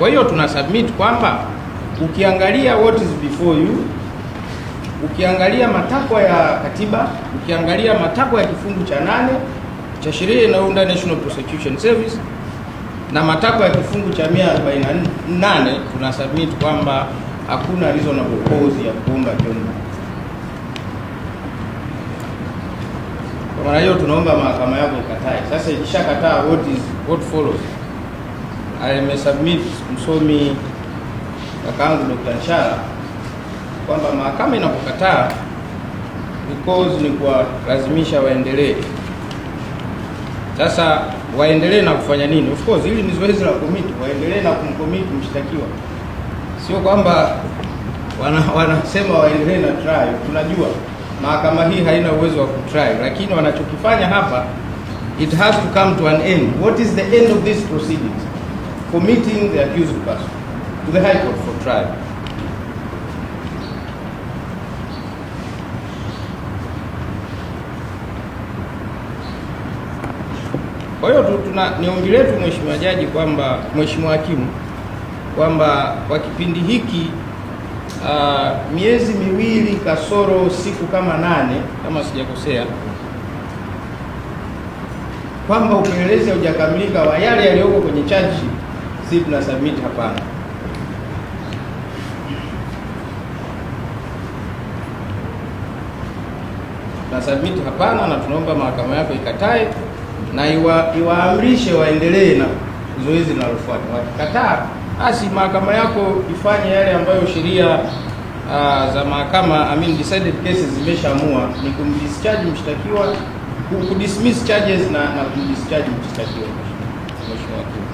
Kwa hiyo tuna submit kwamba ukiangalia what is before you, ukiangalia matakwa ya katiba, ukiangalia matakwa ya kifungu cha nane cha sheria inayounda National Prosecution Service na matakwa ya kifungu cha 148 tuna submit kwamba hakuna reasonable cause ya kuomba jumla. Kwa maana hiyo tunaomba mahakama yako ikatae. Sasa ikishakataa, what is what follows? amesubmit msomi kakaangu Dr. nshara kwamba mahakama inapokataa because ni kuwalazimisha waendelee. Sasa waendelee na kufanya nini? Of course hili ni zoezi la komiti, waendelee na kumkomiti mshtakiwa, sio kwamba wana, wanasema waendelee na try. Tunajua mahakama hii haina uwezo wa kutry, lakini wanachokifanya hapa, it has to come to an end. What is the end of this proceedings? committing the accused person to the High Court for trial. Kwa hiyo tuna ni letu Mheshimiwa Jaji kwamba Mheshimiwa Hakimu kwamba kwa kipindi hiki uh, miezi miwili kasoro siku kama nane kama sijakosea kwamba upelelezi haujakamilika wa yale yaliyoko kwenye charge sheet zip na submit, hapana. Na submit hapana, na tunaomba mahakama yako ikatae na iwa, iwaamrishe waendelee na zoezi linalofuata. Wakikataa basi mahakama yako ifanye yale ambayo sheria uh, za mahakama I mean decided cases zimeshaamua ni kumdischarge mshtakiwa, kudismiss charges na na kumdischarge mshtakiwa, mheshimiwa.